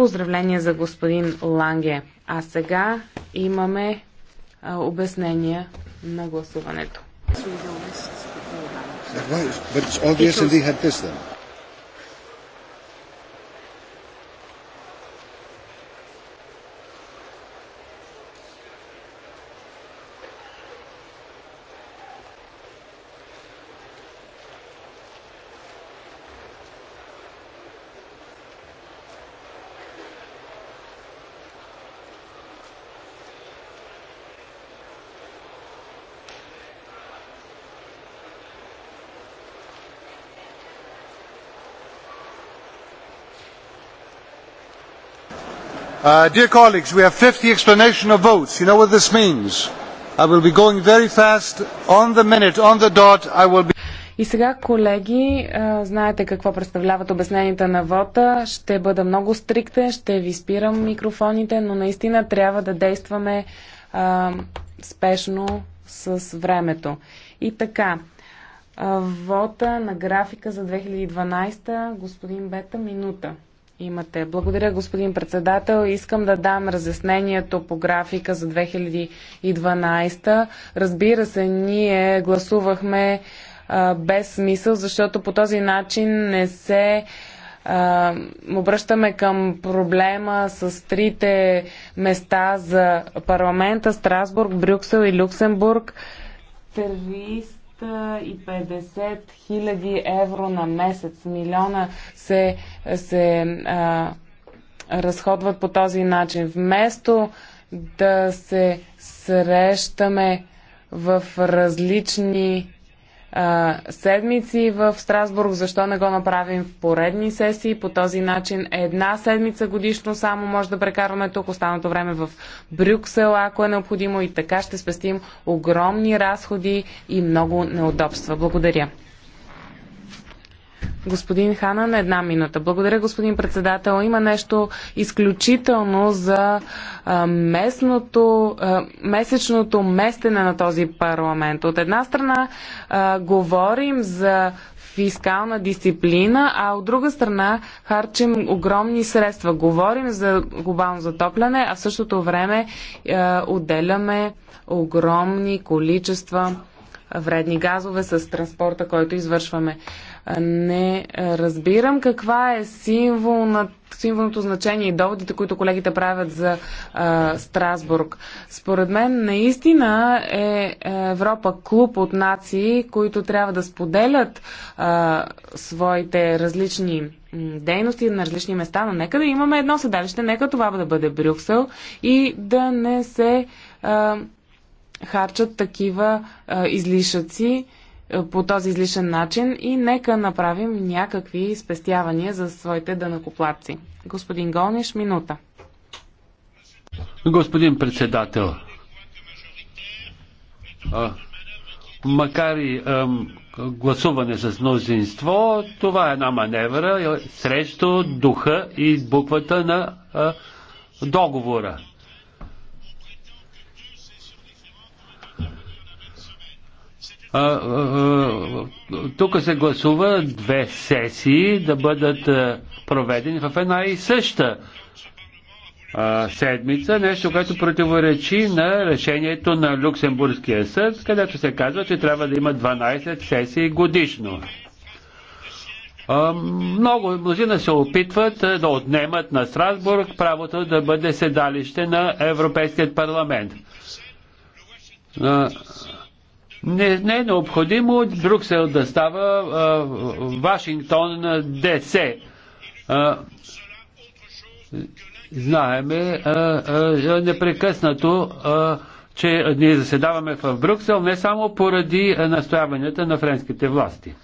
Поздравления за господин Ланге. А сега имаме а, обяснения на гласуването. Uh, dear colleagues we have 50 explanation of votes. you know what this means. i will be going very fast on the minute on the dot i will be. И сега, колеги, uh, знаете какво представляват обясненията на вота. Ще бъда много стриктен, ще ви спирам микрофоните, но наистина трябва да действаме а, uh, спешно с времето. И така, вота на графика за 2012, господин Бета, минута имате. Благодаря, господин председател. Искам да дам разяснението по графика за 2012. Разбира се, ние гласувахме а, без смисъл, защото по този начин не се а, обръщаме към проблема с трите места за парламента Страсбург, Брюксел и Люксембург. Три. 250 хиляди евро на месец. Милиона се, се а, разходват по този начин. Вместо да се срещаме в различни а, седмици в Страсбург. Защо не го направим в поредни сесии? По този начин една седмица годишно само може да прекарваме тук, останалото време в Брюксел, ако е необходимо. И така ще спестим огромни разходи и много неудобства. Благодаря. Господин Ханан, една минута. Благодаря, господин председател. Има нещо изключително за местното, месечното местене на този парламент. От една страна говорим за фискална дисциплина, а от друга страна харчим огромни средства. Говорим за глобално затопляне, а в същото време отделяме огромни количества вредни газове с транспорта, който извършваме не разбирам каква е символ на, символното значение и доводите, които колегите правят за а, Страсбург. Според мен наистина е, е Европа клуб от нации, които трябва да споделят а, своите различни дейности на различни места, но нека да имаме едно седалище, нека това да бъде Брюксел и да не се а, харчат такива а, излишъци по този излишен начин и нека направим някакви спестявания за своите дънакоплатци. Господин Голниш, минута. Господин председател, а, макар и а, гласуване с мнозинство, това е една маневра срещу духа и буквата на а, договора. А, а, тук се гласува две сесии да бъдат проведени в една и съща а, седмица, нещо, което противоречи на решението на Люксембургския съд, където се казва, че трябва да има 12 сесии годишно. Много мнозина се опитват да отнемат на Страсбург правото да бъде седалище на Европейският парламент. Не, не е необходимо Брюксел да става а, Вашингтон ДС. А, знаеме а, а, непрекъснато, а, че ние заседаваме в Брюксел не само поради настояванията на френските власти.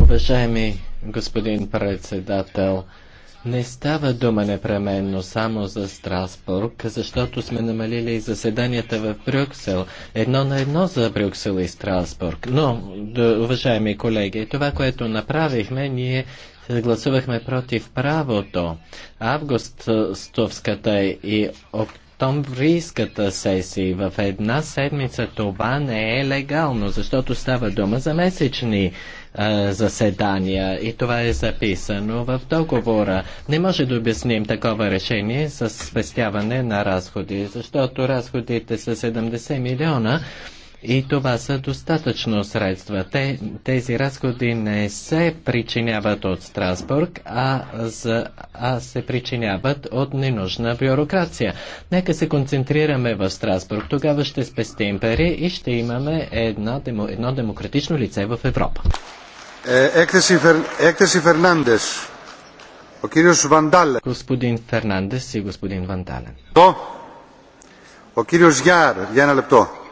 Уважаеми господин председател, не става дума непременно само за Страсбург, защото сме намалили и заседанията в Брюксел. Едно на едно за Брюксел и Страсбург. Но, уважаеми колеги, това, което направихме, ние гласувахме против правото. Августовската и октомврийската сесии в една седмица това не е легално, защото става дума за месечни е, заседания и това е записано в договора. Не може да обясним такова решение с спестяване на разходи, защото разходите са 70 милиона. И това са достатъчно средства. Те, тези разходи не се причиняват от Страсбург, а, за, а се причиняват от ненужна бюрокрация. Нека се концентрираме в Страсбург. Тогава ще спестим пари и ще имаме една, едно демократично лице в Европа. Έκθεση Φερνάντες. Ο κύριος Βαντάλεν. Господин Φερνάντες и господин Βαντάλεν. Ο κύριος Γιάρ, για ένα λεπτό.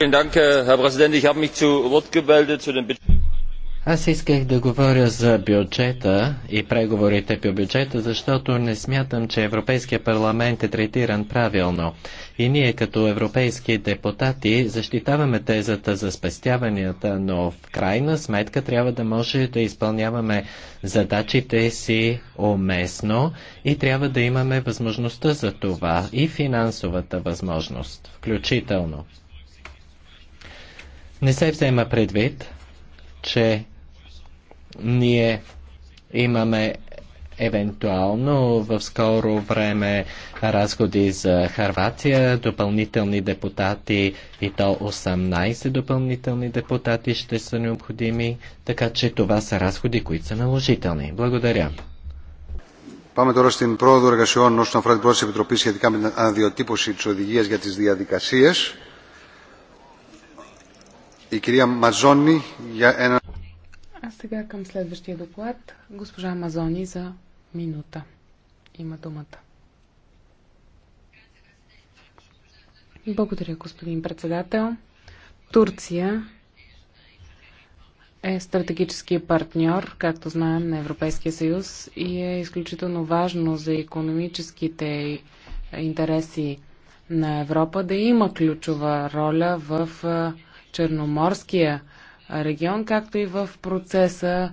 Vielen Dank, Herr Präsident. Ich habe mich zu Wort gemeldet zu den аз исках да говоря за бюджета и преговорите по бюджета, защото не смятам, че Европейския парламент е третиран правилно. И ние като европейски депутати защитаваме тезата за спестяванията, но в крайна сметка трябва да може да изпълняваме задачите си уместно и трябва да имаме възможността за това и финансовата възможност, включително. Не се взема предвид, че ние имаме евентуално в скоро време разходи за Харватия, допълнителни депутати и то 18 допълнителни депутати ще са необходими, така че това са разходи, които са наложителни. Благодаря. Πάμε τώρα στην πρόοδο εργασιών όσον αφορά την πρόταση επιτροπή σχετικά με την αναδιοτύπωση τη οδηγία για τι διαδικασίε. Η κυρία Μαζόνη για ένα сега към следващия доклад. Госпожа Мазони за минута. Има думата. Благодаря, господин председател. Турция е стратегически партньор, както знаем, на Европейския съюз и е изключително важно за економическите интереси на Европа да има ключова роля в Черноморския регион, както и в процеса,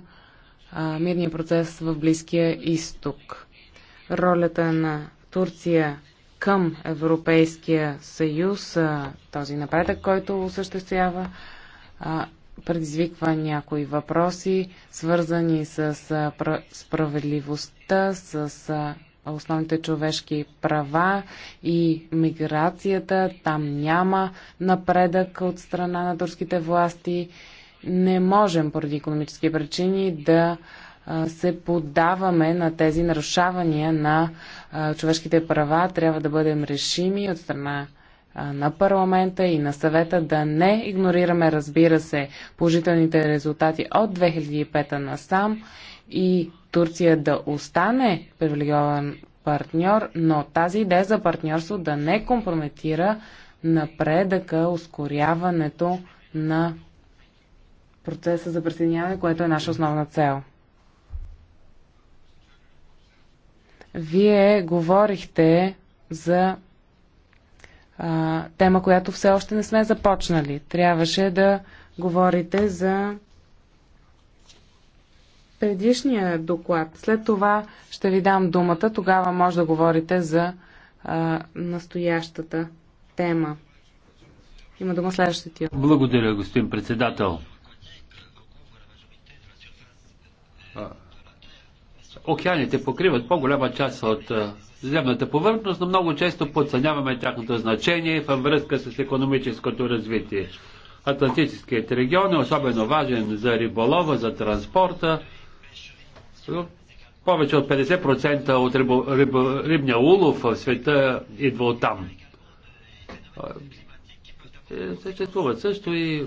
мирния процес в Близкия изток. Ролята на Турция към Европейския съюз, този напредък, който осъществява, предизвиква някои въпроси, свързани с справедливостта, с основните човешки права и миграцията. Там няма напредък от страна на турските власти не можем поради економически причини да се поддаваме на тези нарушавания на човешките права. Трябва да бъдем решими от страна на парламента и на съвета да не игнорираме, разбира се, положителните резултати от 2005 на сам и Турция да остане привилегиован партньор, но тази идея за партньорство да не компрометира напредъка, ускоряването на процеса за присъединяване, което е наша основна цел. Вие говорихте за а, тема, която все още не сме започнали. Трябваше да говорите за предишния доклад. След това ще ви дам думата. Тогава може да говорите за а, настоящата тема. Има дума следващия. Благодаря, господин председател. океаните покриват по-голяма част от земната повърхност, но много често подценяваме тяхното значение във връзка с економическото развитие. Атлантическият регион е особено важен за риболова, за транспорта. Повече от 50% от рибо, рибо, рибния улов в света идва от там. Е, съществуват също и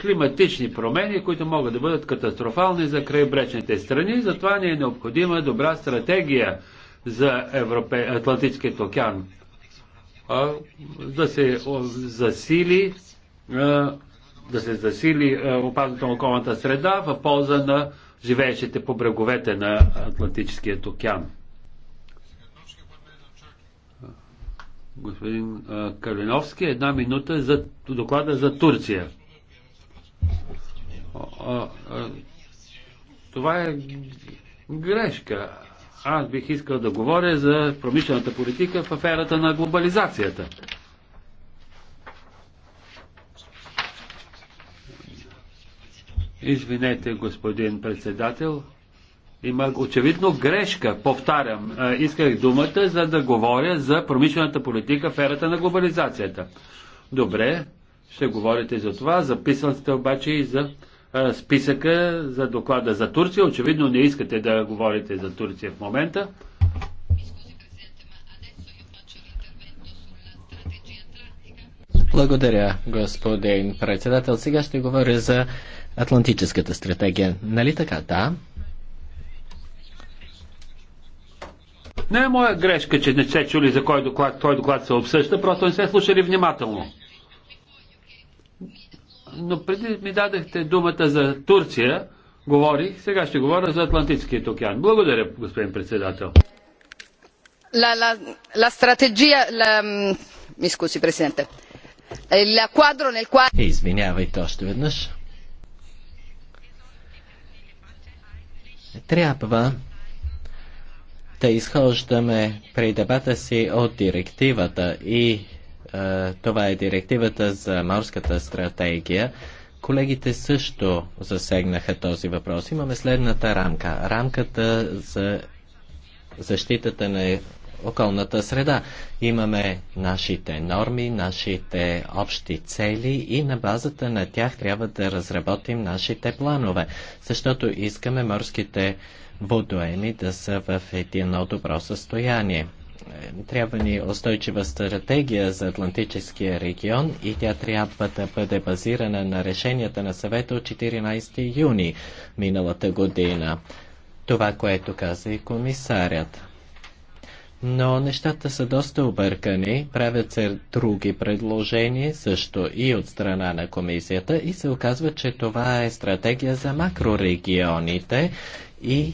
климатични промени, които могат да бъдат катастрофални за крайбречните страни. Затова ни е необходима добра стратегия за Европе... Атлантическият океан. А, да се засили а, да се засили опазването на околната среда в полза на живеещите по бреговете на Атлантическият океан. Господин Калиновски, една минута за доклада за Турция. Това е грешка. Аз бих искал да говоря за промишлената политика в аферата на глобализацията. Извинете, господин председател. Има очевидно грешка. Повтарям, е, исках думата, за да говоря за промишлената политика в ерата на глобализацията. Добре, ще говорите за това. Записан сте обаче и за а, списъка за доклада за Турция. Очевидно не искате да говорите за Турция в момента. Благодаря, господин председател. Сега ще говоря за Атлантическата стратегия. Нали така? Да. Не е моя грешка, че не сте чули за кой доклад, кой доклад се обсъжда, просто не сте слушали внимателно но преди ми дадахте думата за Турция, говорих, сега ще говоря за Атлантическия океан. Благодаря, господин председател. La, la, la strategia, la, mi scusi Presidente, il quadro nel quale... Извинявайте още веднъж. Трябва да изхождаме при дебата си от директивата и е, това е директивата за морската стратегия. Колегите също засегнаха този въпрос. Имаме следната рамка. Рамката за защитата на околната среда. Имаме нашите норми, нашите общи цели и на базата на тях трябва да разработим нашите планове, защото искаме морските водоеми да са в едно добро състояние. Е, трябва ни устойчива стратегия за Атлантическия регион и тя трябва да бъде базирана на решенията на съвета от 14 юни миналата година. Това, което каза и комисарят. Но нещата са доста объркани, правят се други предложения, също и от страна на комисията и се оказва, че това е стратегия за макрорегионите и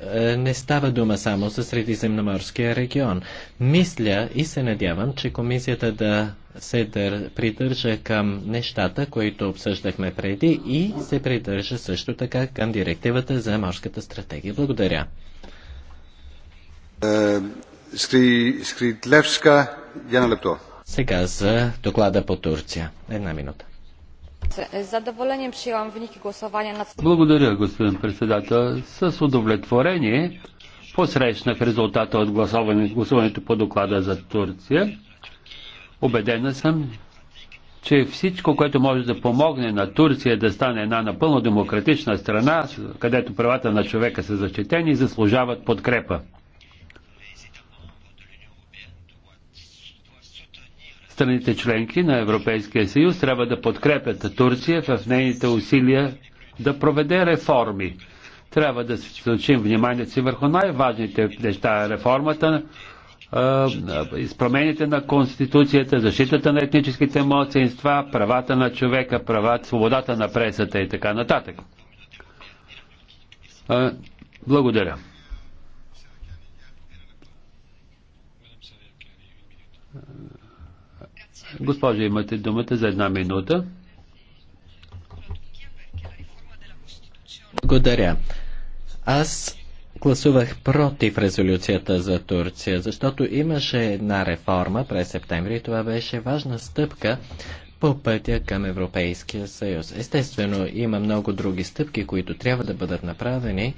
е, не става дума само за Средиземноморския регион. Мисля и се надявам, че комисията да се дър, придържа към нещата, които обсъждахме преди и се придържа също така към директивата за морската стратегия. Благодаря. Е, Скритлевска Сега за доклада по Турция. Една минута. Благодаря, господин председател. С удовлетворение посрещнах резултата от гласуване, гласуването по доклада за Турция. Обедена съм, че всичко, което може да помогне на Турция да стане една напълно демократична страна, където правата на човека са защитени, заслужават подкрепа. страните членки на Европейския съюз трябва да подкрепят Турция в нейните усилия да проведе реформи. Трябва да се случим вниманието си върху най-важните неща реформата, изпромените на Конституцията, защитата на етническите младсинства, правата на човека, права, свободата на пресата и така нататък. Благодаря. Госпожо, имате думата за една минута. Благодаря. Аз гласувах против резолюцията за Турция, защото имаше една реформа през септември и това беше важна стъпка по пътя към Европейския съюз. Естествено, има много други стъпки, които трябва да бъдат направени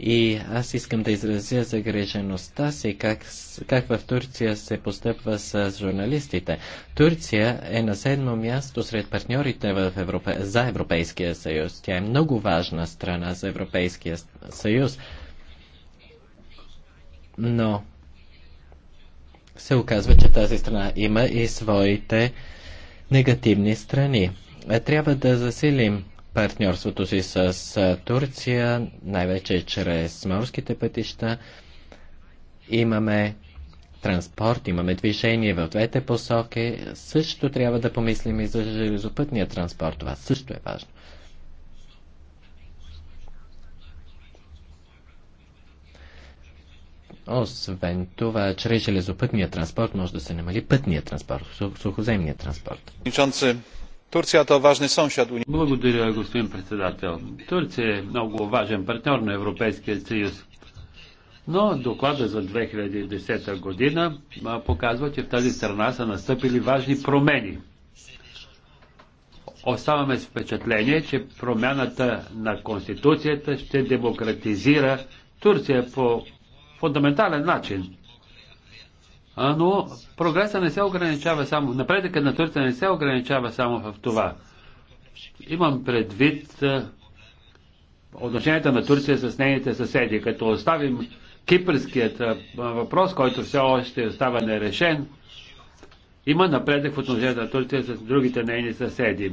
и аз искам да изразя загрежеността си как, как в Турция се постъпва с журналистите. Турция е на седмо място сред партньорите в Европе... за Европейския съюз. Тя е много важна страна за Европейския съюз. Но се оказва, че тази страна има и своите негативни страни. Е, трябва да засилим партньорството си с Турция, най-вече чрез морските пътища. Имаме транспорт, имаме движение в двете посоки. Също трябва да помислим и за железопътния транспорт. Това също е важно. Освен това, чрез железопътния транспорт може да се намали пътния транспорт, сухоземния транспорт. Турция е важен Благодаря, господин председател. Турция е много важен партньор на Европейския съюз. Но доклада за 2010 година показва, че в тази страна са настъпили важни промени. Оставаме с впечатление, че промяната на Конституцията ще демократизира Турция по фундаментален начин. Но прогреса не се ограничава само, напредъка на Турция не се ограничава само в това. Имам предвид отношенията на Турция с нейните съседи. Като оставим кипърският въпрос, който все още остава нерешен, има напредък в отношенията на Турция с другите нейни съседи.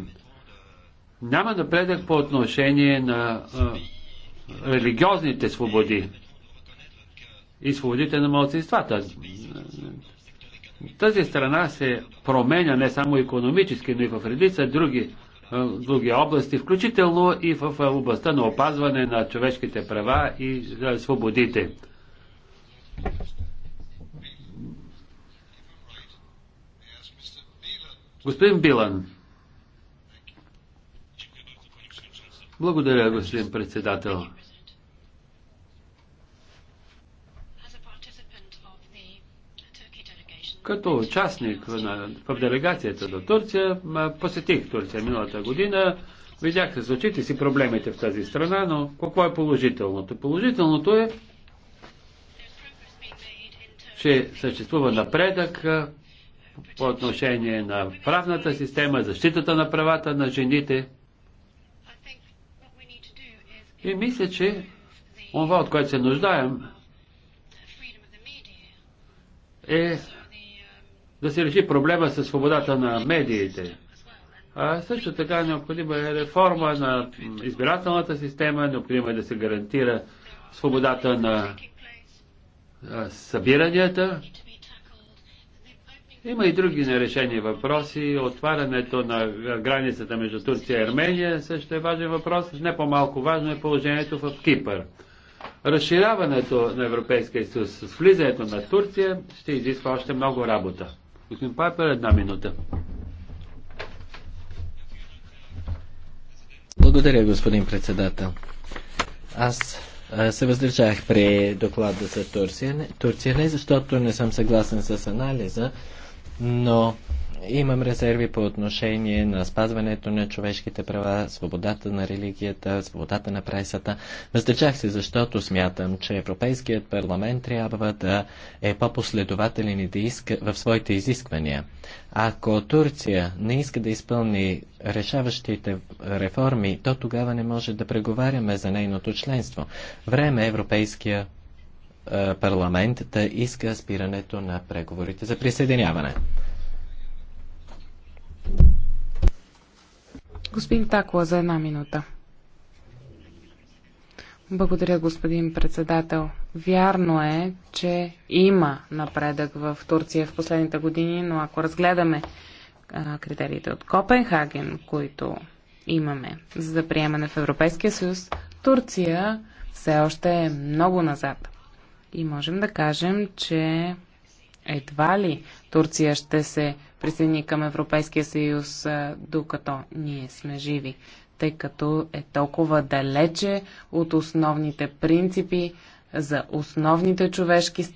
Няма напредък по отношение на а, религиозните свободи и свободите на младсинствата. Тази страна се променя не само економически, но и в редица други, други области, включително и в областта на опазване на човешките права и свободите. Господин Билан. Благодаря, господин председател. Като участник в делегацията до Турция, посетих Турция миналата година, видях с очите си проблемите в тази страна, но какво е положителното? Положителното е, че съществува напредък по отношение на правната система, защитата на правата на жените. И мисля, че това, от което се нуждаем, е да се реши проблема с свободата на медиите. А също така необходима е реформа на избирателната система, необходимо е да се гарантира свободата на събиранията. Има и други нерешени въпроси. Отварянето на границата между Турция и Армения също е важен въпрос. Не по-малко важно е положението в Кипър. Разширяването на Европейския съюз с влизането на Турция ще изисква още много работа. Господин Пайпер, една минута. Благодаря, господин председател. Аз се въздържах при доклада за Турция. Турция не защото не съм съгласен с анализа, но Имам резерви по отношение на спазването на човешките права, свободата на религията, свободата на пресата. Въздържах се, защото смятам, че Европейският парламент трябва да е по-последователен и да иска в своите изисквания. Ако Турция не иска да изпълни решаващите реформи, то тогава не може да преговаряме за нейното членство. Време е Европейския е, парламент да иска спирането на преговорите за присъединяване. Господин Такла за една минута. Благодаря, господин председател. Вярно е, че има напредък в Турция в последните години, но ако разгледаме критериите от Копенхаген, които имаме за приемане в Европейския съюз, Турция все още е много назад. И можем да кажем, че едва ли Турция ще се присъедини към Европейския съюз, докато ние сме живи, тъй като е толкова далече от основните принципи за основните човешки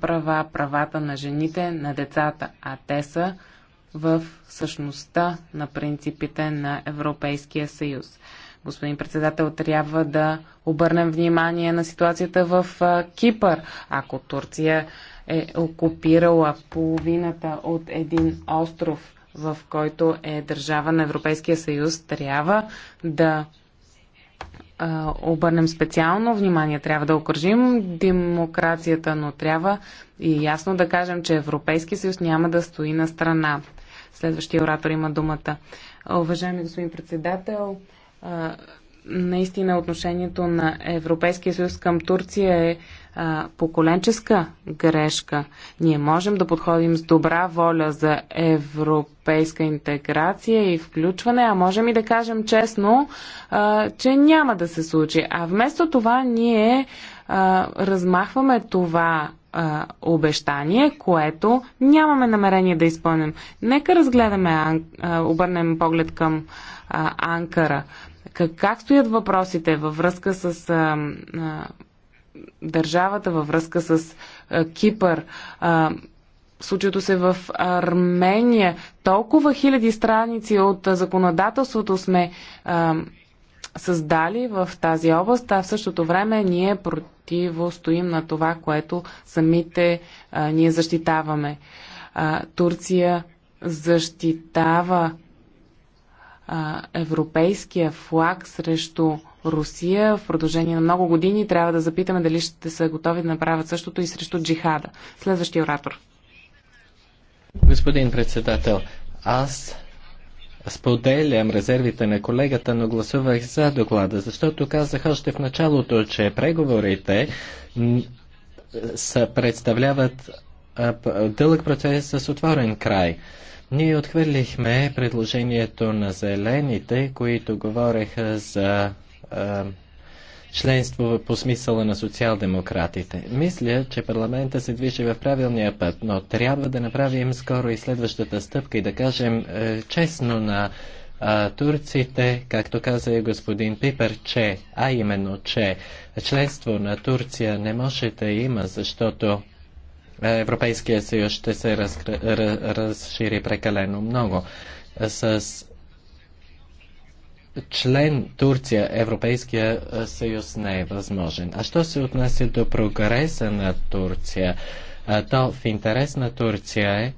права, правата на жените, на децата, а те са в същността на принципите на Европейския съюз. Господин председател, трябва да обърнем внимание на ситуацията в Кипър. Ако Турция е окупирала половината от един остров, в който е държава на Европейския съюз, трябва да а, обърнем специално внимание, трябва да окръжим демокрацията, но трябва и ясно да кажем, че Европейския съюз няма да стои на страна. Следващия оратор има думата. Уважаеми господин председател, наистина отношението на Европейския съюз към Турция е а, поколенческа грешка. Ние можем да подходим с добра воля за европейска интеграция и включване, а можем и да кажем честно, а, че няма да се случи. А вместо това ние а, размахваме това а, обещание, което нямаме намерение да изпълним. Нека разгледаме, а, обърнем поглед към Анкара. Как, как стоят въпросите във връзка с а, а, държавата, във връзка с а, Кипър? А, случилото се в Армения. Толкова хиляди страници от а, законодателството сме а, създали в тази област, а в същото време ние противостоим на това, което самите а, ние защитаваме. А, Турция защитава а, европейския флаг срещу Русия в продължение на много години. Трябва да запитаме дали ще са готови да направят същото и срещу джихада. Следващия оратор. Господин председател, аз Споделям резервите на колегата, но гласувах за доклада, защото казах още в началото, че преговорите са представляват дълъг процес с отворен край. Ние отхвърлихме предложението на зелените, които говореха за а, членство по смисъла на социал-демократите. Мисля, че парламента се движи в правилния път, но трябва да направим скоро и следващата стъпка и да кажем а, честно на а, турците, както каза и господин Пипер, че, а именно, че членство на Турция не може да има, защото Европейския съюз ще се разшири прекалено много. С член Турция Европейския съюз не е възможен. А що се отнася до прогреса на Турция, то в интерес на Турция е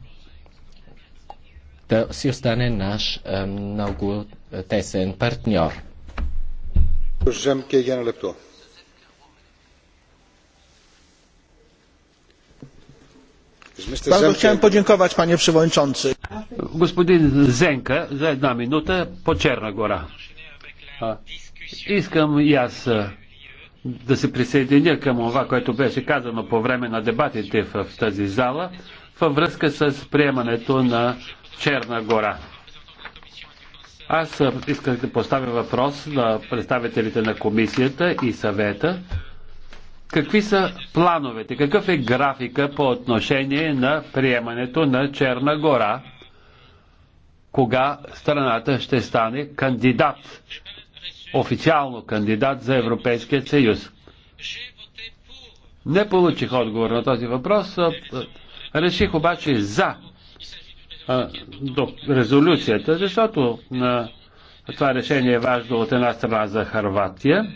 да си остане наш много тесен партньор. Жемке Ген Bardzo chciałem podziękować panie przewodniczący. Господин Зенка за една минута по Черна гора. Искам и аз да се присъединя към това, което беше казано по време на дебатите в тази зала във връзка с приемането на Черна гора. Аз исках да поставя въпрос на представителите на комисията и съвета Какви са плановете? Какъв е графика по отношение на приемането на Черна гора? Кога страната ще стане кандидат, официално кандидат за Европейския съюз? Не получих отговор на този въпрос. Реших обаче за резолюцията, защото това решение е важно от една страна за Харватия,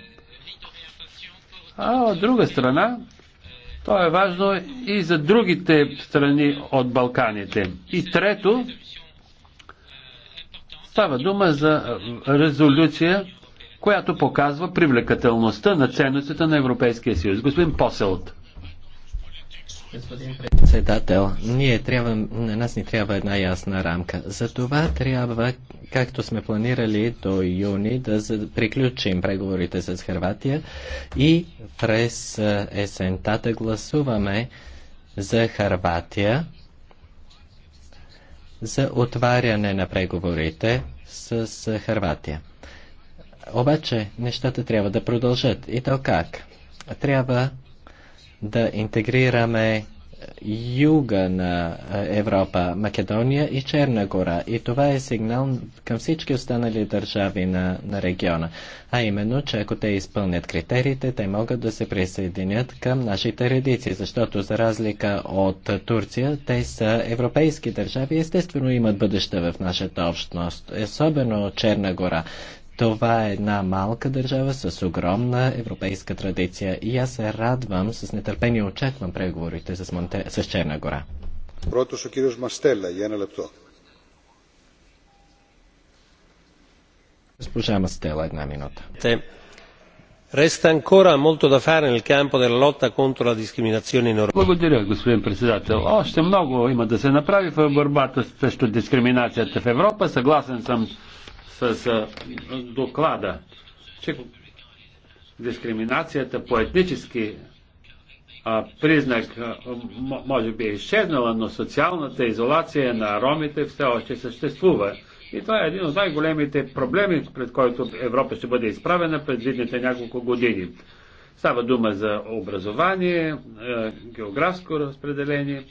а от друга страна, то е важно и за другите страни от Балканите. И трето, става дума за резолюция, която показва привлекателността на ценностите на Европейския съюз. Господин Поселт господин председател. Ние трябва, на нас ни трябва една ясна рамка. За това трябва, както сме планирали до юни, да приключим преговорите с Харватия и през есента да гласуваме за Харватия за отваряне на преговорите с Харватия. Обаче нещата трябва да продължат. И то как? Трябва да интегрираме юга на е, Европа, Македония и Черна гора. И това е сигнал към всички останали държави на, на региона. А именно, че ако те изпълнят критериите, те могат да се присъединят към нашите редици, защото за разлика от Турция, те са европейски държави и естествено имат бъдеще в нашата общност, особено Черна гора. Това е една малка държава с огромна европейска традиция и аз се радвам, с нетърпение очаквам преговорите с, Монте... с Черна гора. Πρώτος ο κύριος Μαστέλα για лепто. Госпожа Мастела, една минута. Resta ancora molto da fare nel campo della lotta contro la discriminazione in Europa. Благодаря, господин председател. Още много има да се направи в борбата срещу дискриминацията в Европа. Съгласен съм с доклада, че дискриминацията по етнически признак може би е изчезнала, но социалната изолация на ромите все още съществува. И това е един от най-големите проблеми, пред който Европа ще бъде изправена през видните няколко години. Става дума за образование, географско разпределение,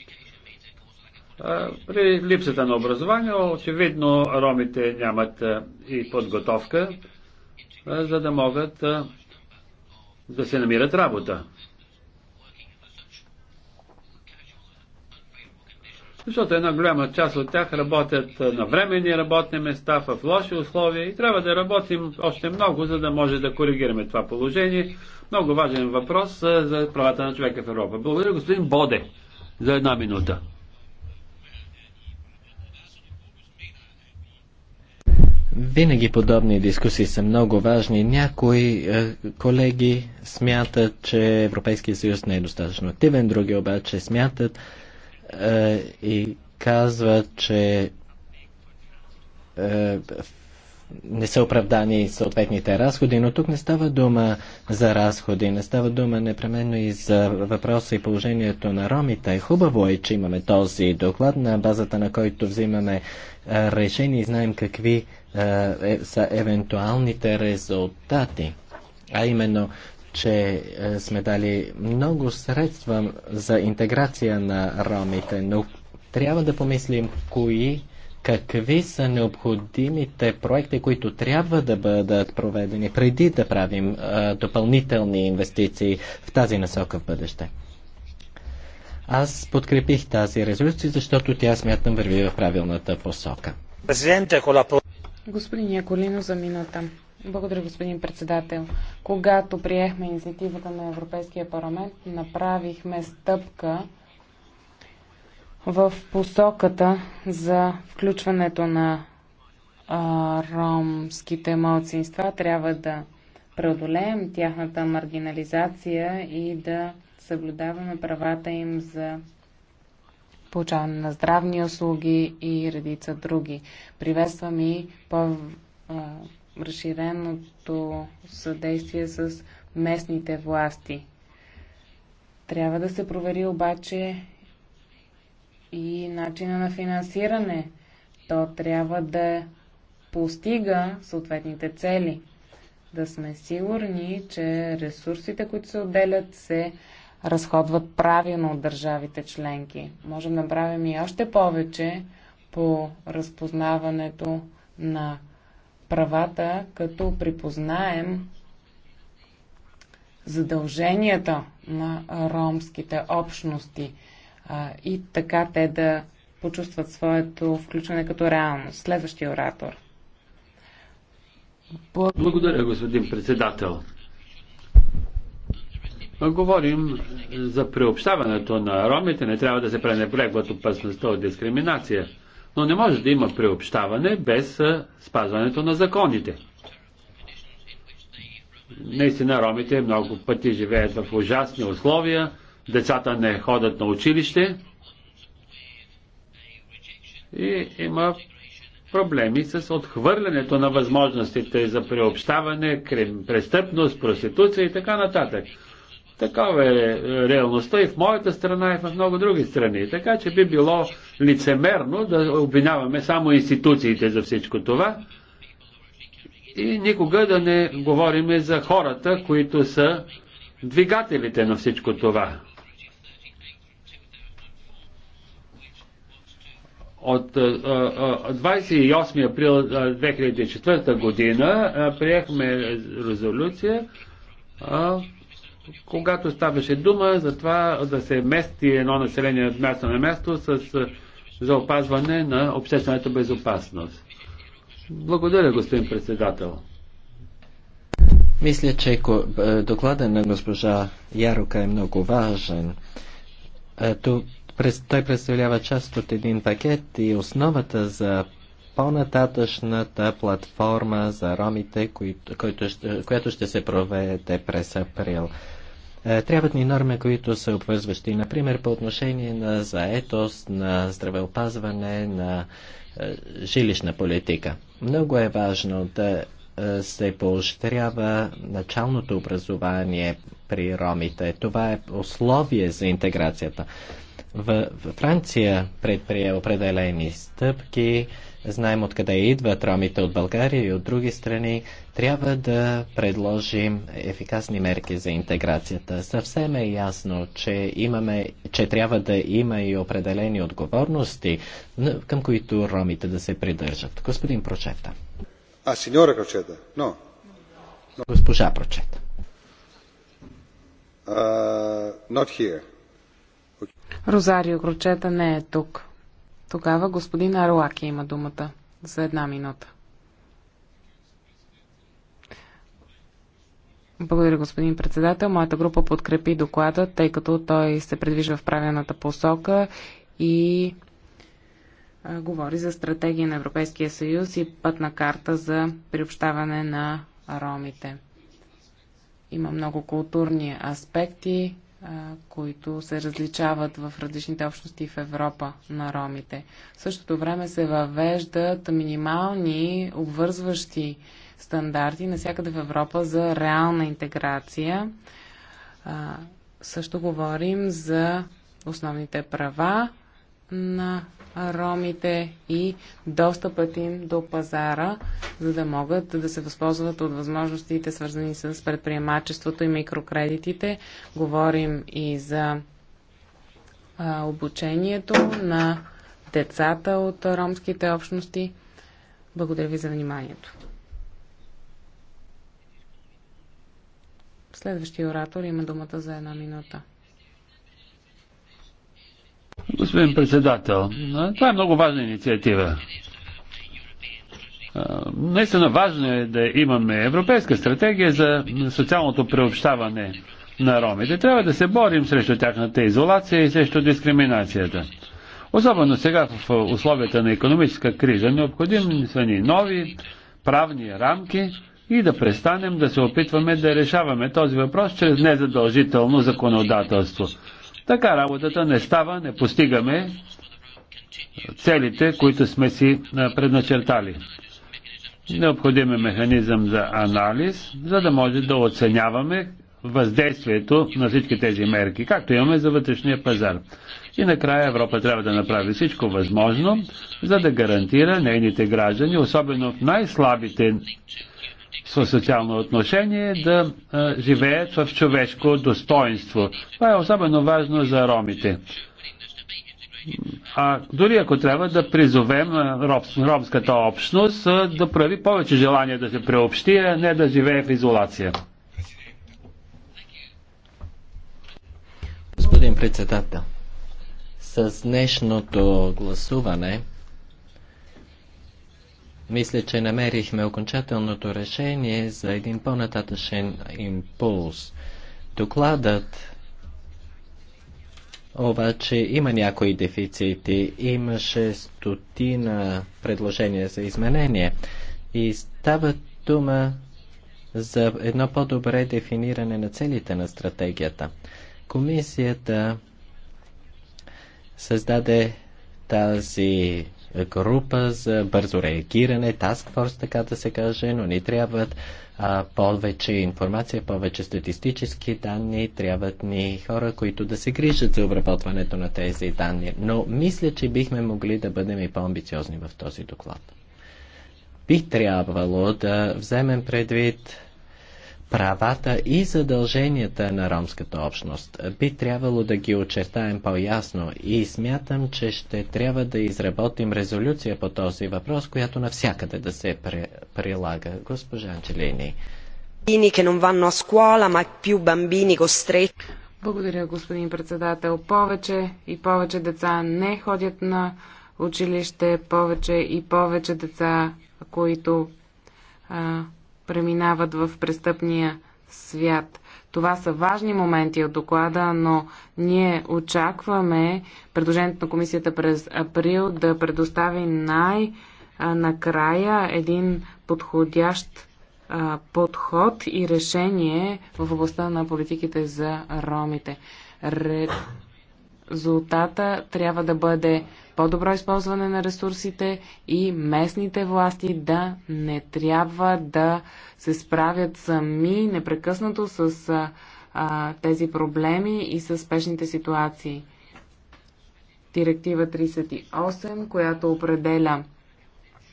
при липсата на образование, очевидно, ромите нямат и подготовка, за да могат да се намират работа. Защото една голяма част от тях работят на временни работни места, в лоши условия и трябва да работим още много, за да може да коригираме това положение. Много важен въпрос за правата на човека в Европа. Благодаря господин Боде за една минута. Винаги подобни дискусии са много важни. Някои е, колеги смятат, че Европейския съюз не е достатъчно активен, други обаче смятат е, и казват, че е, не са оправдани съответните разходи, но тук не става дума за разходи, не става дума непременно и за въпроса и положението на ромите. Хубаво е, че имаме този доклад, на базата на който взимаме е, решение и знаем какви е, е, са евентуалните резултати. А именно, че сме дали много средства за интеграция на ромите, но трябва да помислим кои какви са необходимите проекти, които трябва да бъдат проведени преди да правим а, допълнителни инвестиции в тази насока в бъдеще. Аз подкрепих тази резолюция, защото тя смятам върви в правилната посока. Господин Яколино за минута. Благодаря, господин председател. Когато приехме инициативата на Европейския парламент, направихме стъпка в посоката за включването на а, ромските малцинства. Трябва да преодолеем тяхната маргинализация и да съблюдаваме правата им за получаване на здравни услуги и редица други. Приветствам и по-разширеното съдействие с местните власти. Трябва да се провери обаче и начина на финансиране. То трябва да постига съответните цели. Да сме сигурни, че ресурсите, които се отделят, се разходват правилно от държавите членки. Можем да правим и още повече по разпознаването на правата, като припознаем задълженията на ромските общности а, и така те да почувстват своето включване като реалност. Следващия оратор. Благодаря, господин председател. Говорим за приобщаването на ромите. Не трябва да се пренебрегват опасността от дискриминация. Но не може да има приобщаване без спазването на законите. Наистина ромите много пъти живеят в ужасни условия, децата не ходят на училище и има проблеми с отхвърлянето на възможностите за преобщаване, престъпност, проституция и така нататък. Такава е реалността и в моята страна, и в много други страни. Така че би било лицемерно да обвиняваме само институциите за всичко това и никога да не говорим за хората, които са двигателите на всичко това. От 28 април 2004 година приехме резолюция, когато ставаше дума за това да се мести едно население от място на място с, за опазване на обществената безопасност. Благодаря, господин председател. Мисля, че е, доклада на госпожа Ярока е много важен. Е, той представлява част от един пакет и основата за по-нататъчната платформа за ромите, които, който, която ще се проведе през април. Е, трябват ни норми, които са обвързващи, например по отношение на заетост, на здравеопазване, на е, жилищна политика. Много е важно да е, се поощрява началното образование при ромите. Това е условие за интеграцията. В Франция предприе определени стъпки. Знаем откъде идват ромите от България и от други страни. Трябва да предложим ефикасни мерки за интеграцията. Съвсем е ясно, че, имаме, че трябва да има и определени отговорности, към които ромите да се придържат. Господин Прочета. А, сеньора Прочета. Но. Госпожа Прочета. Uh, not here. Розарио Крочета не е тук. Тогава господин Арлаки има думата за една минута. Благодаря, господин председател. Моята група подкрепи доклада, тъй като той се предвижда в правилната посока и а, говори за стратегия на Европейския съюз и пътна карта за приобщаване на ромите. Има много културни аспекти, които се различават в различните общности в Европа на ромите. В същото време се въвеждат минимални обвързващи стандарти навсякъде в Европа за реална интеграция. също говорим за основните права на ромите и достъпът им до пазара, за да могат да се възползват от възможностите, свързани с предприемачеството и микрокредитите. Говорим и за а, обучението на децата от ромските общности. Благодаря ви за вниманието. Следващия оратор има думата за една минута. Господин председател, това е много важна инициатива. Наистина важно е да имаме европейска стратегия за социалното преобщаване на ромите. Трябва да се борим срещу тяхната изолация и срещу дискриминацията. Особено сега в условията на економическа криза необходими са ни нови правни рамки и да престанем да се опитваме да решаваме този въпрос чрез незадължително законодателство. Така работата не става, не постигаме целите, които сме си предначертали. Необходим е механизъм за анализ, за да може да оценяваме въздействието на всички тези мерки, както имаме за вътрешния пазар. И накрая Европа трябва да направи всичко възможно, за да гарантира нейните граждани, особено в най-слабите социално отношение, да живеят в човешко достоинство. Това е особено важно за ромите. А дори ако трябва да призовем ромската общност да прояви повече желание да се преобщи, а не да живее в изолация. Господин председател, с днешното гласуване мисля, че намерихме окончателното решение за един по-нататъчен импулс. Докладът обаче има някои дефицити. Имаше стотина предложения за изменение. И става дума за едно по-добре дефиниране на целите на стратегията. Комисията създаде тази група за бързо реагиране, task force, така да се каже, но ни трябват а, повече информация, повече статистически данни, трябват ни хора, които да се грижат за обработването на тези данни. Но мисля, че бихме могли да бъдем и по-амбициозни в този доклад. Би трябвало да вземем предвид правата и задълженията на ромската общност. Би трябвало да ги очертаем по-ясно и смятам, че ще трябва да изработим резолюция по този въпрос, която навсякъде да се прилага. Госпожа Анчелини. Благодаря, господин председател. Повече и повече деца не ходят на училище, повече и повече деца, които а, преминават в престъпния свят. Това са важни моменти от доклада, но ние очакваме предложението на комисията през април да предостави най-накрая един подходящ подход и решение в областта на политиките за ромите резултата трябва да бъде по-добро използване на ресурсите и местните власти да не трябва да се справят сами непрекъснато с а, тези проблеми и с спешните ситуации. Директива 38, която определя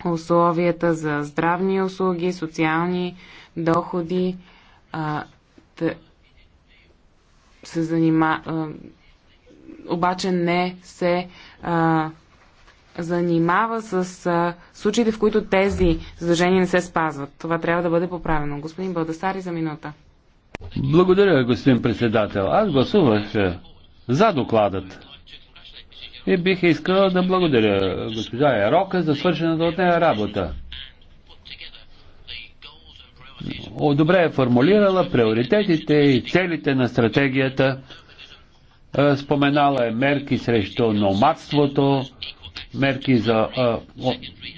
условията за здравни услуги, социални доходи, а, се занима, обаче не се а, занимава с а, случаите, в които тези задължения не се спазват. Това трябва да бъде поправено. Господин Балдасари за минута. Благодаря, господин председател. Аз гласувах е, за докладът. И бих искал да благодаря госпожа Ерока за свършената от нея работа. Добре е формулирала приоритетите и целите на стратегията е, споменала е мерки срещу номадството, мерки за е,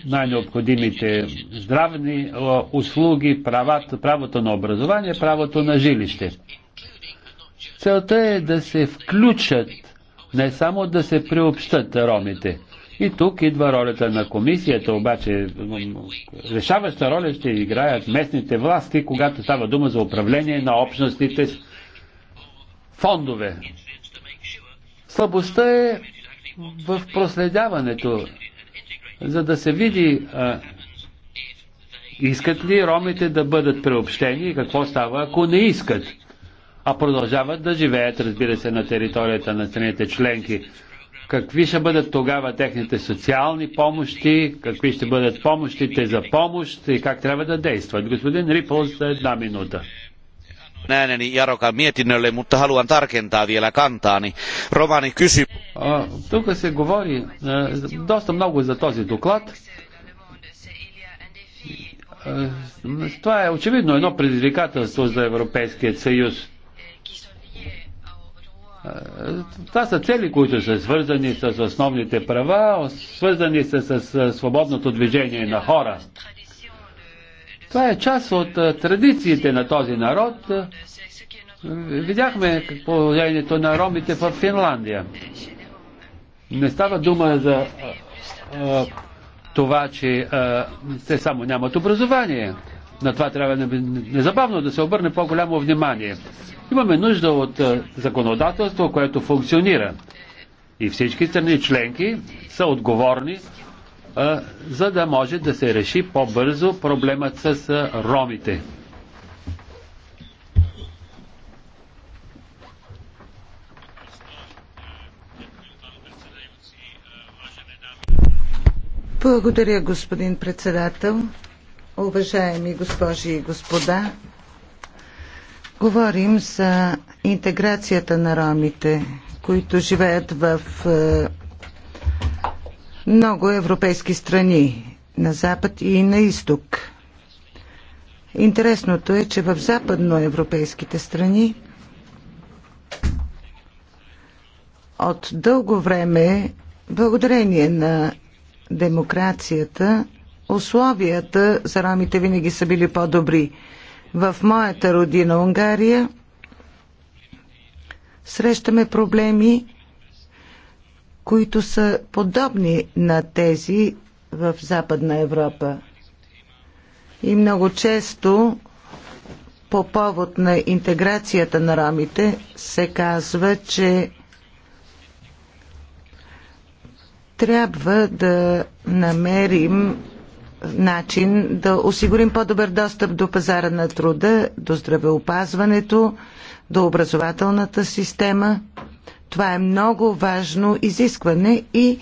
най-необходимите здравни е, услуги, правата, правото на образование, правото на жилище. Целта е да се включат, не само да се приобщат ромите. И тук идва ролята на комисията, обаче решаваща роля ще играят местните власти, когато става дума за управление на общностите фондове. Слабостта е в проследяването, за да се види а, искат ли ромите да бъдат преобщени и какво става, ако не искат, а продължават да живеят, разбира се, на територията на страните членки. Какви ще бъдат тогава техните социални помощи, какви ще бъдат помощите за помощ и как трябва да действат. Господин Рипол, за една минута ääneni Jarokan mietinnölle, mutta haluan tarkentaa vielä kantaani. Romani kysy... Тук се говори доста много за този доклад. Това е очевидно едно предизвикателство за Европейския съюз. Това са цели, които са свързани с основните права, свързани са с свободното движение на хора. Това е част от традициите на този народ. Видяхме е положението на ромите в Финландия. Не става дума за а, това, че а, те само нямат образование. На това трябва незабавно да се обърне по-голямо внимание. Имаме нужда от законодателство, което функционира. И всички страни членки са отговорни за да може да се реши по-бързо проблемът с ромите. Благодаря, господин председател. Уважаеми госпожи и господа, говорим за интеграцията на ромите, които живеят в е, много европейски страни на запад и на изток. Интересното е, че в западноевропейските страни от дълго време, благодарение на демокрацията, условията за ромите винаги са били по-добри. В моята родина Унгария срещаме проблеми които са подобни на тези в Западна Европа. И много често по повод на интеграцията на ромите се казва, че трябва да намерим начин да осигурим по-добър достъп до пазара на труда, до здравеопазването, до образователната система. Това е много важно изискване и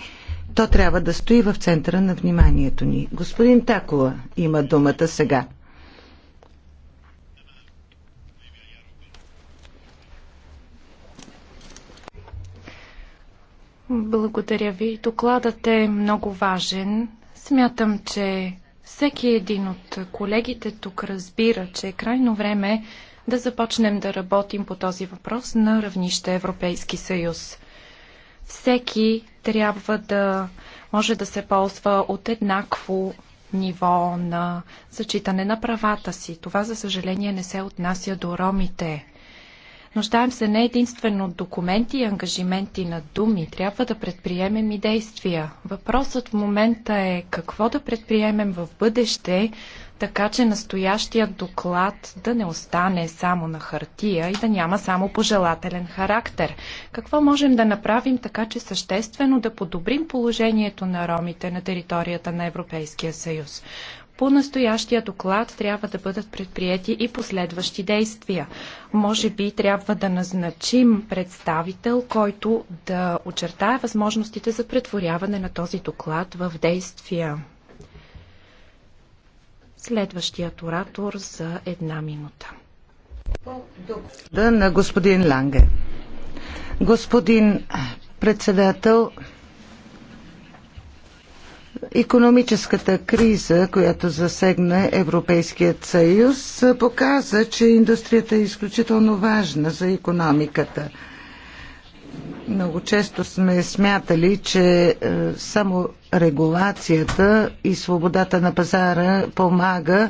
то трябва да стои в центъра на вниманието ни. Господин Такова има думата сега. Благодаря ви. Докладът е много важен. Смятам, че всеки един от колегите тук разбира, че е крайно време да започнем да работим по този въпрос на равнище Европейски съюз. Всеки трябва да може да се ползва от еднакво ниво на зачитане на правата си. Това, за съжаление, не се отнася до ромите. Нуждаем се не единствено от документи и ангажименти на думи, трябва да предприемем и действия. Въпросът в момента е какво да предприемем в бъдеще, така че настоящият доклад да не остане само на хартия и да няма само пожелателен характер. Какво можем да направим така, че съществено да подобрим положението на ромите на територията на Европейския съюз? По настоящия доклад трябва да бъдат предприяти и последващи действия. Може би трябва да назначим представител, който да очертае възможностите за претворяване на този доклад в действия. Следващият оратор за една минута. Да, на господин Ланге. Господин председател, Економическата криза, която засегна Европейският съюз, показа, че индустрията е изключително важна за економиката. Много често сме смятали, че е, само регулацията и свободата на пазара помага.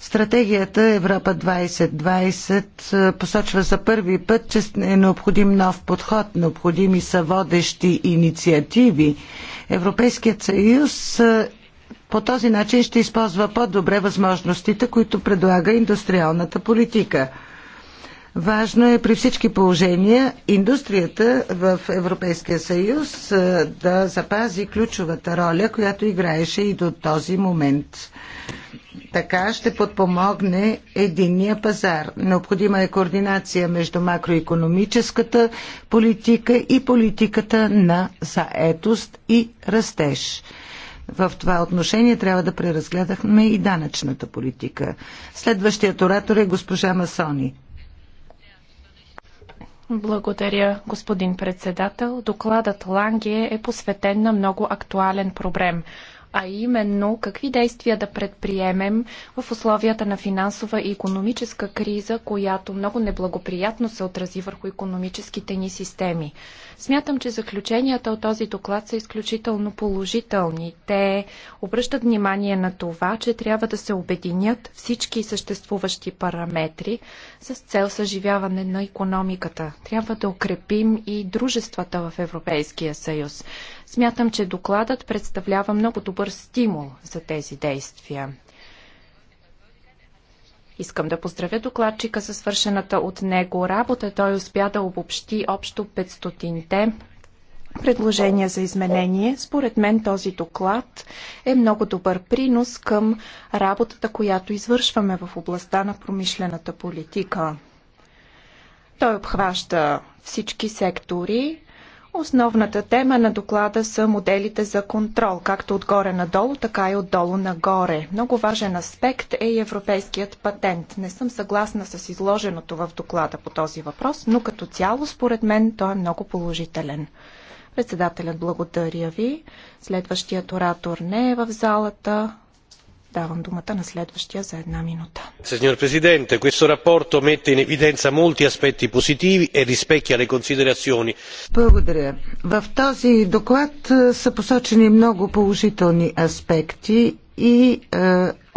Стратегията Европа 2020 е, посочва за първи път, че е необходим нов подход, необходими са водещи инициативи. Европейският съюз е, по този начин ще използва по-добре възможностите, които предлага индустриалната политика. Важно е при всички положения индустрията в Европейския съюз да запази ключовата роля, която играеше и до този момент. Така ще подпомогне единния пазар. Необходима е координация между макроекономическата политика и политиката на заетост и растеж. В това отношение трябва да преразгледахме и данъчната политика. Следващият оратор е госпожа Масони. Благодаря, господин председател. Докладът Ланге е посветен на много актуален проблем а именно какви действия да предприемем в условията на финансова и економическа криза, която много неблагоприятно се отрази върху економическите ни системи. Смятам, че заключенията от този доклад са изключително положителни. Те обръщат внимание на това, че трябва да се обединят всички съществуващи параметри с цел съживяване на економиката. Трябва да укрепим и дружествата в Европейския съюз. Смятам, че докладът представлява много добър стимул за тези действия. Искам да поздравя докладчика за свършената от него работа. Той успя да обобщи общо 500-те предложения за изменение. Според мен този доклад е много добър принос към работата, която извършваме в областта на промишлената политика. Той обхваща всички сектори, Основната тема на доклада са моделите за контрол, както отгоре надолу, така и отдолу нагоре. Много важен аспект е и европейският патент. Не съм съгласна с изложеното в доклада по този въпрос, но като цяло, според мен, той е много положителен. Председателят благодаря ви. Следващият оратор не е в залата. Давам думата на следващия за една минута. Signor президенте, questo rapporto mette in evidenza molti aspetti positivi e rispecchia le considerazioni. Благодаря. В този доклад е, са посочени много положителни аспекти и е,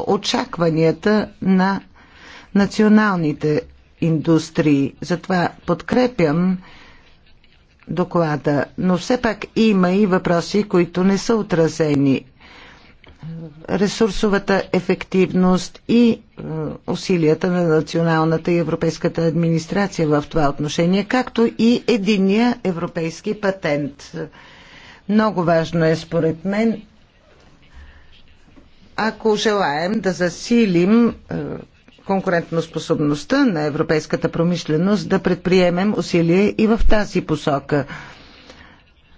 очакванията на националните индустрии. Затова подкрепям доклада, но все пак има и въпроси, които не са отразени ресурсовата ефективност и е, усилията на националната и европейската администрация в това отношение, както и единия европейски патент. Много важно е според мен, ако желаем да засилим е, конкурентноспособността на европейската промишленост, да предприемем усилия и в тази посока –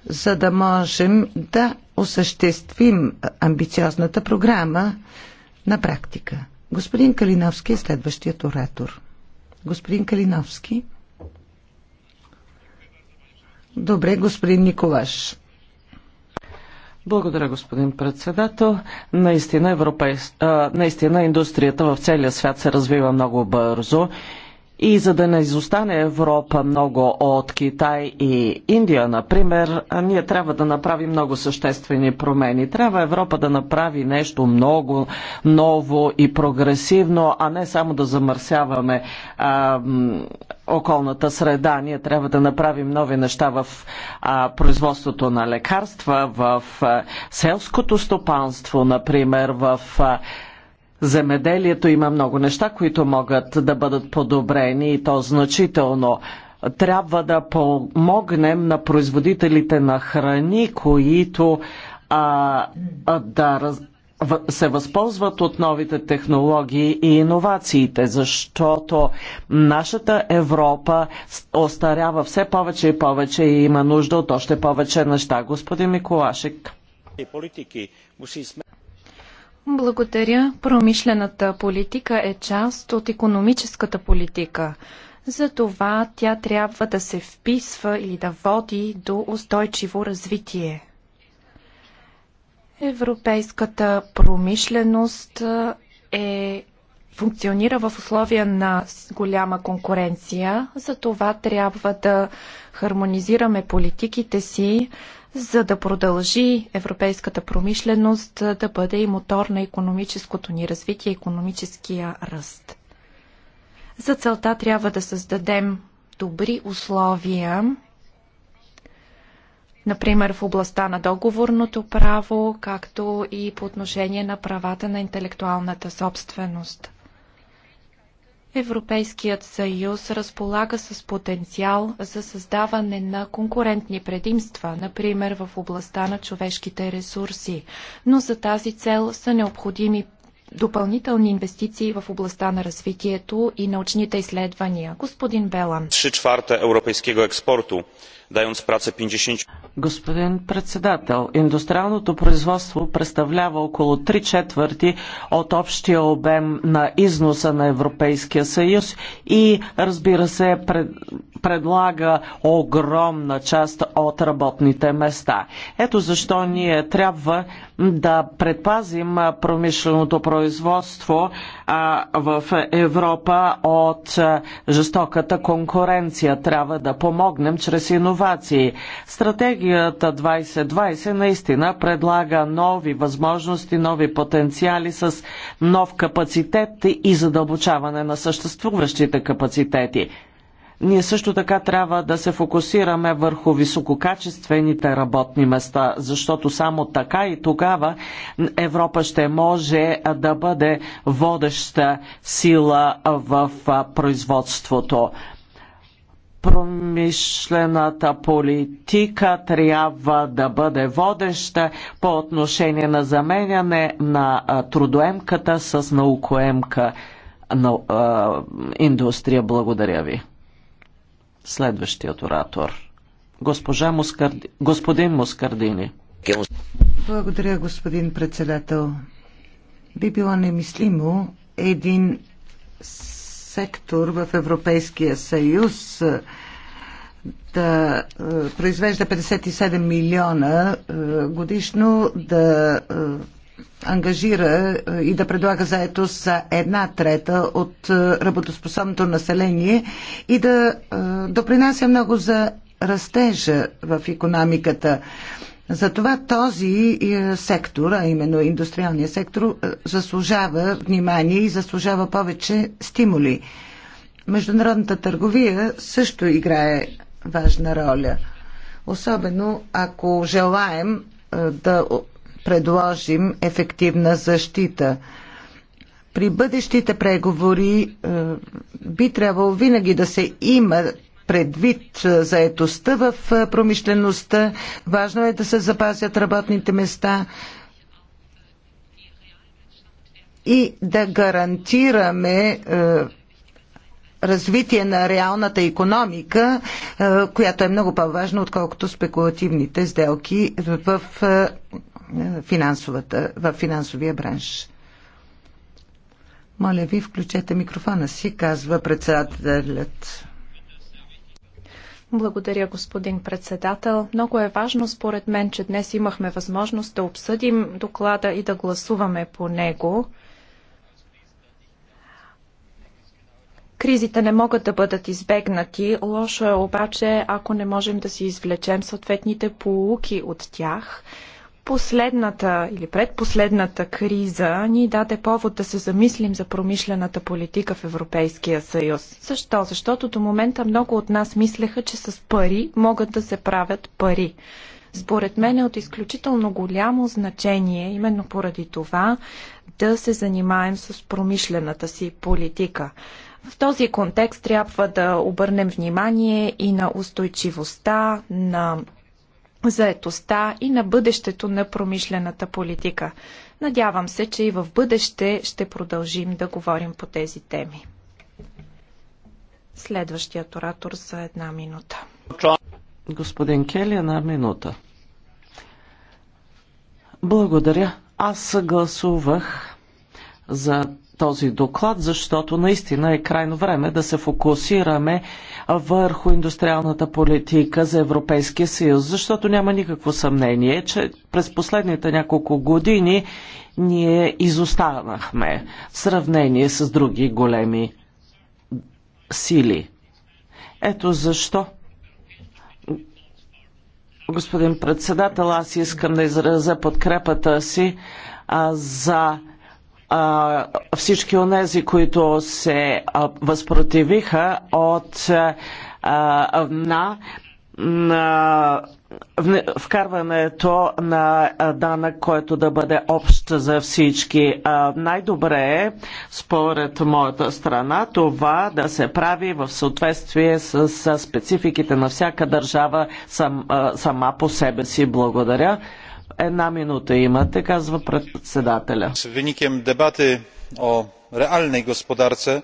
за да можем да осъществим амбициозната програма на практика. Господин Калиновски е следващият оратор. Господин Калиновски. Добре, господин Николаш. Благодаря, господин председател. Наистина, европейс... а, наистина индустрията в целия свят се развива много бързо и за да не изостане Европа много от Китай и Индия, например, ние трябва да направим много съществени промени. Трябва Европа да направи нещо много ново и прогресивно, а не само да замърсяваме а, околната среда. Ние трябва да направим нови неща в а, производството на лекарства, в а, селското стопанство, например, в. А, земеделието има много неща, които могат да бъдат подобрени и то значително. Трябва да помогнем на производителите на храни, които а, а, да раз, се възползват от новите технологии и иновациите, защото нашата Европа остарява все повече и повече и има нужда от още повече неща. Господин Миколашик. Благодаря. Промишлената политика е част от економическата политика. Затова тя трябва да се вписва или да води до устойчиво развитие. Европейската промишленост е функционира в условия на голяма конкуренция, за това трябва да хармонизираме политиките си, за да продължи европейската промишленост да бъде и мотор на економическото ни развитие, економическия ръст. За целта трябва да създадем добри условия, например в областта на договорното право, както и по отношение на правата на интелектуалната собственост. Европейският съюз разполага с потенциал за създаване на конкурентни предимства, например в областта на човешките ресурси, но за тази цел са необходими допълнителни инвестиции в областта на развитието и научните изследвания. Господин Белан. 3 четвърта европейския експорту дając працę 50... Господин председател, индустриалното производство представлява около 3 четвърти от общия обем на износа на Европейския съюз и разбира се пред, предлага огромна част от работните места. Ето защо ние трябва да предпазим промишленото производство в Европа от жестоката конкуренция. Трябва да помогнем чрез иновации. Стратегията 2020 наистина предлага нови възможности, нови потенциали с нов капацитет и задълбочаване на съществуващите капацитети. Ние също така трябва да се фокусираме върху висококачествените работни места, защото само така и тогава Европа ще може да бъде водеща сила в производството промишлената политика трябва да бъде водеща по отношение на заменяне на трудоемката с наукоемка на, индустрия. Благодаря ви. Следващият оратор. Госпожа Мускарди... Господин Мускардини. Благодаря, господин председател. Би било немислимо един сектор в Европейския съюз да произвежда 57 милиона годишно, да ангажира е, и да предлага заетост за една трета от е, работоспособното население и да е, допринася много за растежа в економиката. Затова този сектор, а именно индустриалния сектор, заслужава внимание и заслужава повече стимули. Международната търговия също играе важна роля. Особено ако желаем да предложим ефективна защита. При бъдещите преговори е, би трябвало винаги да се има предвид е, заетостта в е, промишлеността. Важно е да се запазят работните места и да гарантираме развитие на реалната економика, която е много по-важна, отколкото спекулативните сделки в финансовата, в финансовия бранш. Моля ви, включете микрофона си, казва председателят. Благодаря, господин председател. Много е важно, според мен, че днес имахме възможност да обсъдим доклада и да гласуваме по него. Кризите не могат да бъдат избегнати. Лошо е обаче, ако не можем да си извлечем съответните полуки от тях. Последната или предпоследната криза ни даде повод да се замислим за промишлената политика в Европейския съюз. Защо? Защото до момента много от нас мислеха, че с пари могат да се правят пари. Според мен е от изключително голямо значение, именно поради това, да се занимаем с промишлената си политика. В този контекст трябва да обърнем внимание и на устойчивостта, на заетостта и на бъдещето на промишлената политика. Надявам се, че и в бъдеще ще продължим да говорим по тези теми. Следващият оратор за една минута. Господин Кели, една минута. Благодаря. Аз съгласувах за този доклад, защото наистина е крайно време да се фокусираме върху индустриалната политика за Европейския съюз, защото няма никакво съмнение, че през последните няколко години ние изостанахме в сравнение с други големи сили. Ето защо Господин председател, аз искам да изразя подкрепата си а, за а, всички онези, които се а, възпротивиха от а, на, на вкарването на данък, който да бъде общ за всички. Най-добре е, според моята страна, това да се прави в съответствие с спецификите на всяка държава сам, сама по себе си. Благодаря. Една минута имате, казва председателя. С wynikiem debaty o realnej gospodarce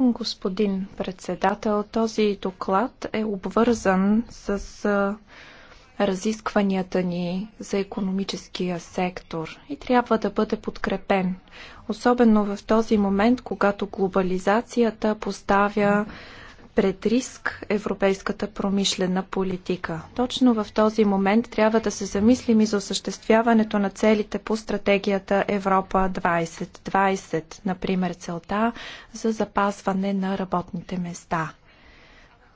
Господин председател, този доклад е обвързан с разискванията ни за економическия сектор и трябва да бъде подкрепен. Особено в този момент, когато глобализацията поставя пред риск европейската промишлена политика. Точно в този момент трябва да се замислим и за осъществяването на целите по стратегията Европа 2020, например целта за запазване на работните места.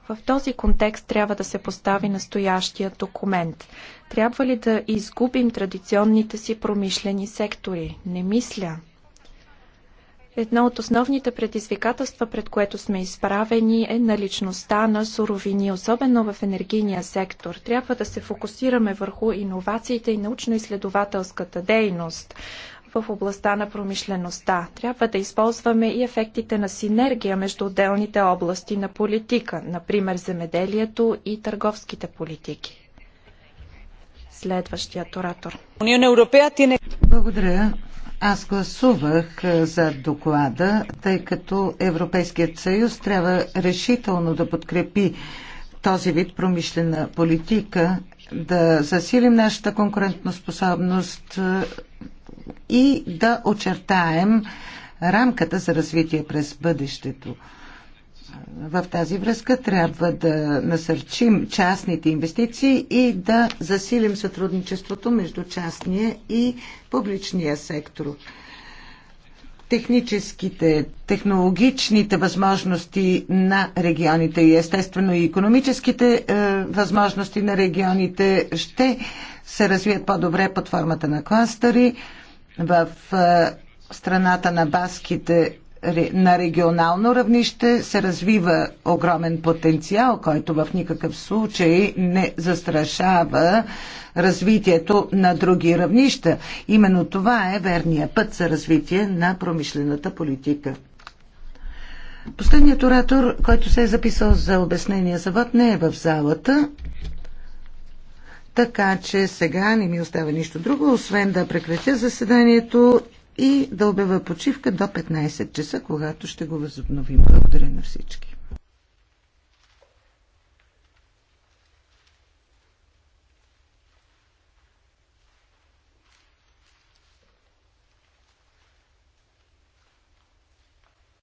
В този контекст трябва да се постави настоящия документ. Трябва ли да изгубим традиционните си промишлени сектори? Не мисля. Едно от основните предизвикателства, пред което сме изправени, е наличността на суровини, особено в енергийния сектор. Трябва да се фокусираме върху иновациите и научно-изследователската дейност в областта на промишлеността. Трябва да използваме и ефектите на синергия между отделните области на политика, например земеделието и търговските политики. Следващият оратор. Благодаря. Аз гласувах е, за доклада, тъй като Европейският съюз трябва решително да подкрепи този вид промишлена политика, да засилим нашата конкурентоспособност е, и да очертаем рамката за развитие през бъдещето. В тази връзка трябва да насърчим частните инвестиции и да засилим сътрудничеството между частния и публичния сектор. Техническите, технологичните възможности на регионите и естествено и економическите е, възможности на регионите ще се развият по-добре под формата на кластъри. В е, страната на баските на регионално равнище се развива огромен потенциал, който в никакъв случай не застрашава развитието на други равнища. Именно това е верният път за развитие на промишлената политика. Последният оратор, който се е записал за обяснение за вод, не е в залата. Така че сега не ми остава нищо друго, освен да прекратя заседанието и да обява почивка до 15 часа, когато ще го възобновим. Благодаря на всички.